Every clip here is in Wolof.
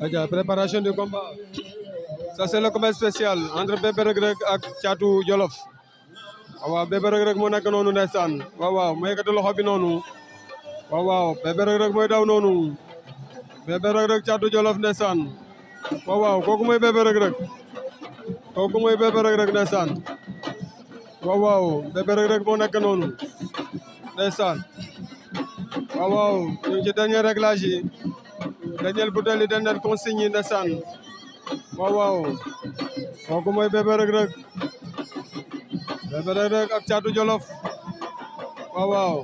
aja préparation du combat ça c'est le combat spécial entre Bébé Reug Reug ak Thiatou Djolof waaw Bébé Reug Reug moo nekk noonu ndeysaan waaw waaw mu yëkkati loxo bi noonu waaw waaw Bébé Reug Reug mooy daw noonu Bébé Reug Reug Thiatou Djolof ndeysaan waaw waaw kooku mooy Bébé Reug Reug kooku Bébé Bébé ñu ci dernier réglage nga jël butéel yi dendal consigne yi ndeysaan waaw waaw kooku mooy bébé rëg ak caatu jolof waaw waaw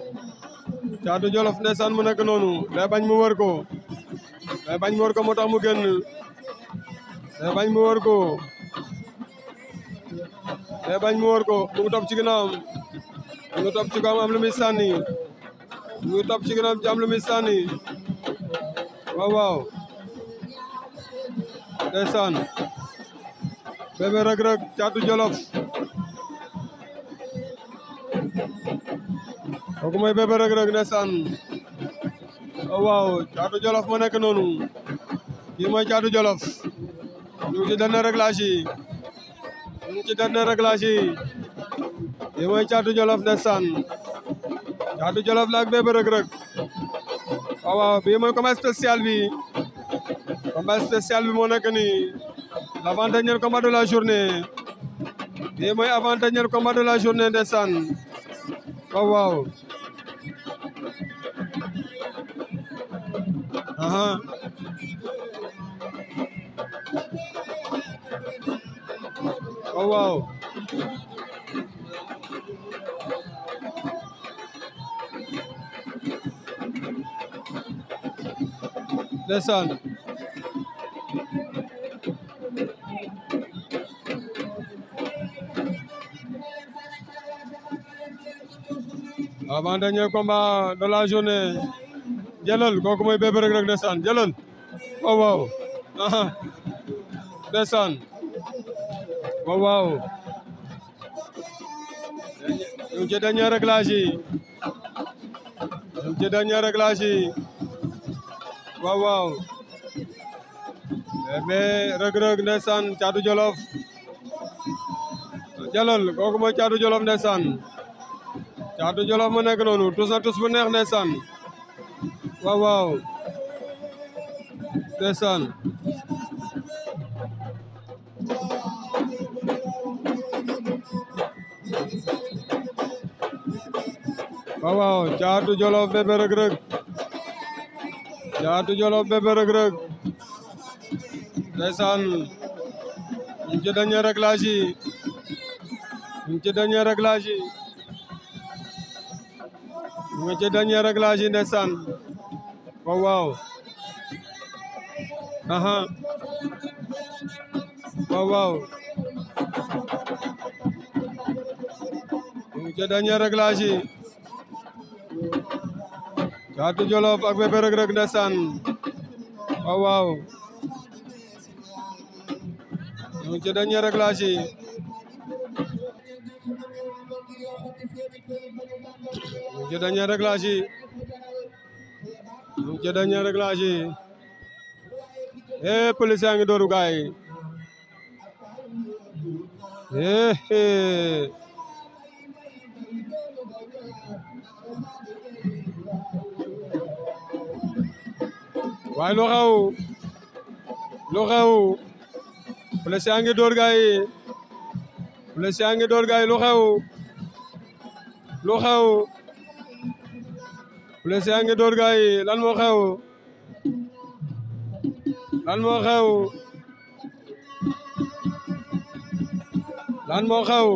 caatu jolof ndeysaan mu nekk noonu day bañ mu wër ko day bañ mu wër ko moo tax mu génn day bañ mu wër ko day bañ mu wër ko mu ci ginnaawam mu ci ginnaawam lu muy sànni mu ngi topp ci Wow, wow desan bebe rag rag chatu Jolof kooku mooy bébé rag rag Desan. Oh, wow, waaw Jolof mana nekk Di mana mooy Jolof ñu ngi ci dana réglage yi ñu ngi dana réglage Jolof Desan? Chatu Jolof lag ak rag rag waaw waaw bii mooy combat spécial bi combat spécial bi moo nekk nii l'avant-dernier combat de la journée bii mooy avant-dernier combat de la journée ndeysaan waaw waaw aha ndeysaan avant-dernier combat de la journée jëlal kooku mooy Bébé Reug Reug ndeysaan jëlal oh, waaw waaw ndeysaan waaw oh, waaw ñu ci dernier réglage yi ñu ci waaw mais Reug Reug ndeysaan Caatu Jolof jalol kooku mooy Caatu Jolof ndeysaan Caatu Jolof mu nekk noonu tus na tus bu neex ndeysaan waaw waaw ndeysaan waaw waaw Caatu Jolof bébé Reug Reug Caatu Jolof Bébé Reug Reug ndeysaan ñu ci dernier réglage yi ñu ci dernier réglage yi ñu ci dernier réglage yi ndeysaan waaw oh, waaw aha oh, waaw ci Jatuh jolop agwe perak-perak dasan. Wow, wow. Yang reklasi. Nucadanya Yang Nucadanya reklasi. Eh, polis yang itu rugai. Eh, eh. waaye lu xew lu xew Blessé a ngi door gaay Blessé a ngi door gaay lu xew lu xew Blessé a ngi door gaay lan moo xew lan moo xew lan moo xew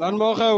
lan moo xew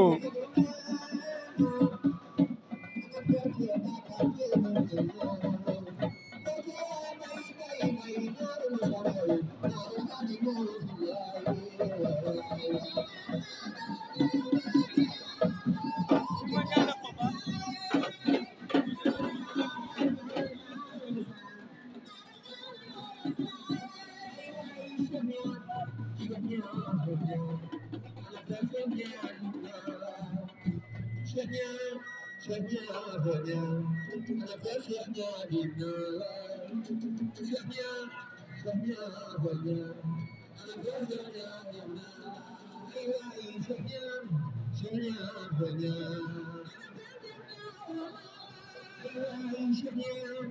Yeah.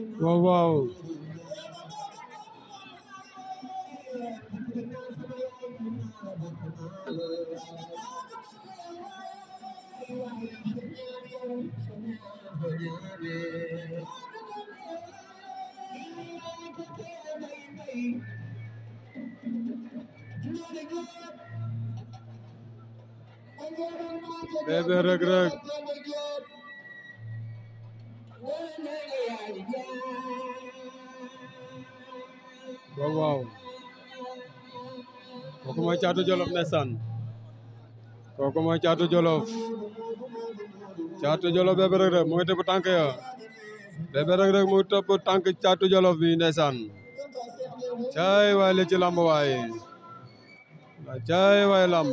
Whoa, whoa. Baby, rug, rug. waaw waaw kooku mooy caatu jolof ndeysaan kooku mooy caatu jolof caatu jolof bébé rek rek mu ngi tëb tànk ya bébé rek rek mu ngi tëb tànk caatu jolof bi ndeysaan caay waay li ci lamb waay caay waay lamb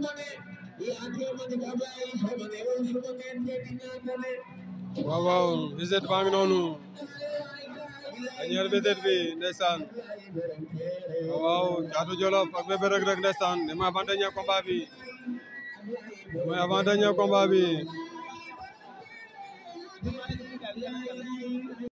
సుమనే ni Ablaye Samane noonu dernière visite bi ndeysaan waaw waaw Caatu Jolof ak Bébé ne mooy avant dernier combat bi mooy avant dernier combat